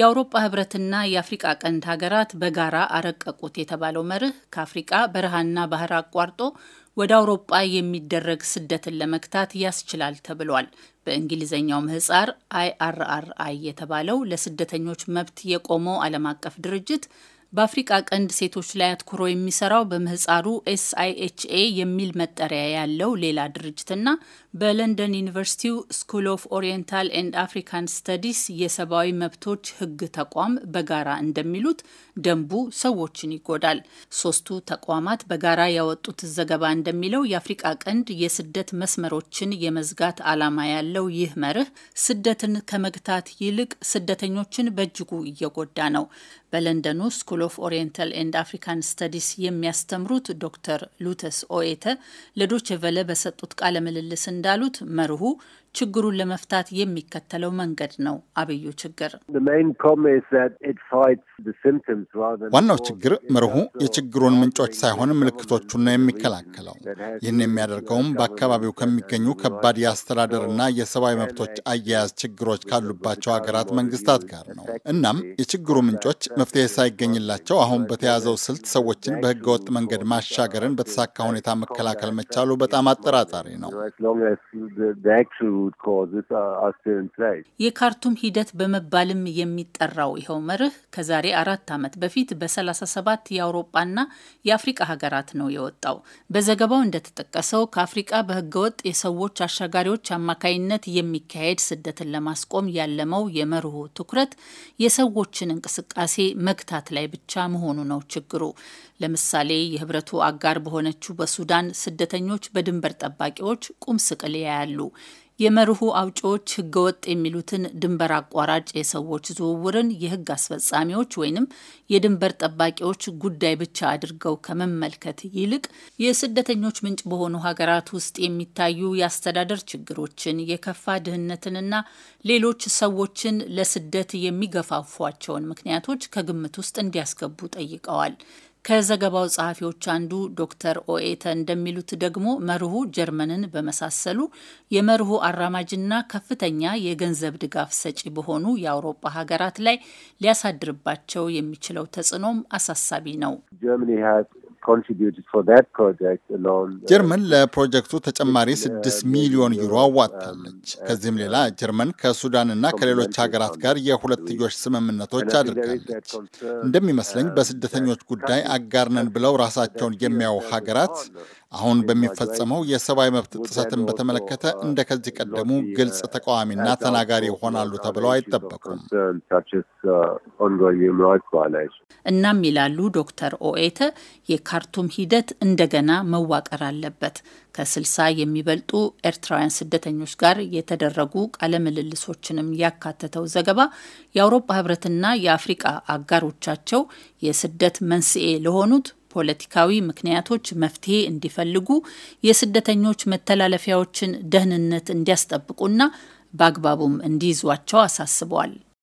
የአውሮጳ ህብረትና የአፍሪቃ ቀንድ ሀገራት በጋራ አረቀቁት የተባለው መርህ ከአፍሪቃ በረሃና ባህር አቋርጦ ወደ አውሮጳ የሚደረግ ስደትን ለመግታት ያስችላል ተብሏል። በእንግሊዝኛው ምህጻር አይአርአርአይ የተባለው ለስደተኞች መብት የቆመው ዓለም አቀፍ ድርጅት በአፍሪቃ ቀንድ ሴቶች ላይ አትኩሮ የሚሰራው በምህጻሩ ኤስአይኤችኤ የሚል መጠሪያ ያለው ሌላ ድርጅትና በለንደን ዩኒቨርሲቲው ስኩል ኦፍ ኦሪየንታል ኤንድ አፍሪካን ስተዲስ የሰብአዊ መብቶች ሕግ ተቋም በጋራ እንደሚሉት ደንቡ ሰዎችን ይጎዳል። ሶስቱ ተቋማት በጋራ ያወጡት ዘገባ እንደሚለው የአፍሪቃ ቀንድ የስደት መስመሮችን የመዝጋት ዓላማ ያለው ይህ መርህ ስደትን ከመግታት ይልቅ ስደተኞችን በእጅጉ እየጎዳ ነው። በለንደኑ ስኩል ኦፍ ኦሪየንታል ኤንድ አፍሪካን ስተዲስ የሚያስተምሩት ዶክተር ሉተስ ኦኤተ ለዶቼ ቨለ በሰጡት ቃለ ምልልስ እንዳሉት መርሁ ችግሩን ለመፍታት የሚከተለው መንገድ ነው አብዩ ችግር። ዋናው ችግር መርሁ የችግሩን ምንጮች ሳይሆን ምልክቶቹን ነው የሚከላከለው። ይህን የሚያደርገውም በአካባቢው ከሚገኙ ከባድ የአስተዳደርና የሰብአዊ መብቶች አያያዝ ችግሮች ካሉባቸው ሀገራት መንግስታት ጋር ነው። እናም የችግሩ ምንጮች መፍትሄ ሳይገኝላቸው አሁን በተያዘው ስልት ሰዎችን በህገወጥ መንገድ ማሻገርን በተሳካ ሁኔታ መከላከል መቻሉ በጣም አጠራጣሪ ነው። የካርቱም ሂደት በመባልም የሚጠራው ይኸው መርህ ከዛሬ አራት ዓመት በፊት በ37 የአውሮጳና የአፍሪቃ ሀገራት ነው የወጣው። በዘገባው እንደተጠቀሰው ከአፍሪቃ በህገወጥ የሰዎች አሻጋሪዎች አማካይነት የሚካሄድ ስደትን ለማስቆም ያለመው የመርሁ ትኩረት የሰዎችን እንቅስቃሴ መግታት ላይ ብቻ መሆኑ ነው ችግሩ። ለምሳሌ የህብረቱ አጋር በሆነችው በሱዳን ስደተኞች በድንበር ጠባቂዎች ቁም ስቅል ያያሉ። የመርሁ አውጪዎች ህገወጥ የሚሉትን ድንበር አቋራጭ የሰዎች ዝውውርን የህግ አስፈጻሚዎች ወይንም የድንበር ጠባቂዎች ጉዳይ ብቻ አድርገው ከመመልከት ይልቅ የስደተኞች ምንጭ በሆኑ ሀገራት ውስጥ የሚታዩ የአስተዳደር ችግሮችን፣ የከፋ ድህነትንና ሌሎች ሰዎችን ለስደት የሚገፋፏቸውን ምክንያቶች ከግምት ውስጥ እንዲያስገቡ ጠይቀዋል። ከዘገባው ጸሐፊዎች አንዱ ዶክተር ኦኤተ እንደሚሉት ደግሞ መርሁ ጀርመንን በመሳሰሉ የመርሁ አራማጅና ከፍተኛ የገንዘብ ድጋፍ ሰጪ በሆኑ የአውሮፓ ሀገራት ላይ ሊያሳድርባቸው የሚችለው ተጽዕኖም አሳሳቢ ነው። Uh, ጀርመን ለፕሮጀክቱ ተጨማሪ uh, ስድስት ሚሊዮን ዩሮ um, አዋጥታለች። ከዚህም ሌላ uh, ጀርመን ከሱዳንና ከሌሎች ሀገራት ጋር የሁለትዮሽ ስምምነቶች አድርጋለች። እንደሚመስለኝ በስደተኞች ጉዳይ አጋርነን ብለው ራሳቸውን የሚያዩ ሀገራት አሁን በሚፈጸመው የሰብአዊ መብት ጥሰትን በተመለከተ እንደ ከዚህ ቀደሙ ግልጽ ተቃዋሚና ተናጋሪ ይሆናሉ ተብለው አይጠበቁም። እናም ይላሉ ዶክተር ኦኤተ የካርቱም ሂደት እንደገና መዋቀር አለበት። ከስልሳ የሚበልጡ ኤርትራውያን ስደተኞች ጋር የተደረጉ ቃለምልልሶችንም ያካተተው ዘገባ የአውሮፓ ህብረትና የአፍሪቃ አጋሮቻቸው የስደት መንስኤ ለሆኑት ፖለቲካዊ ምክንያቶች መፍትሄ እንዲፈልጉ፣ የስደተኞች መተላለፊያዎችን ደህንነት እንዲያስጠብቁና በአግባቡም እንዲይዟቸው አሳስበዋል።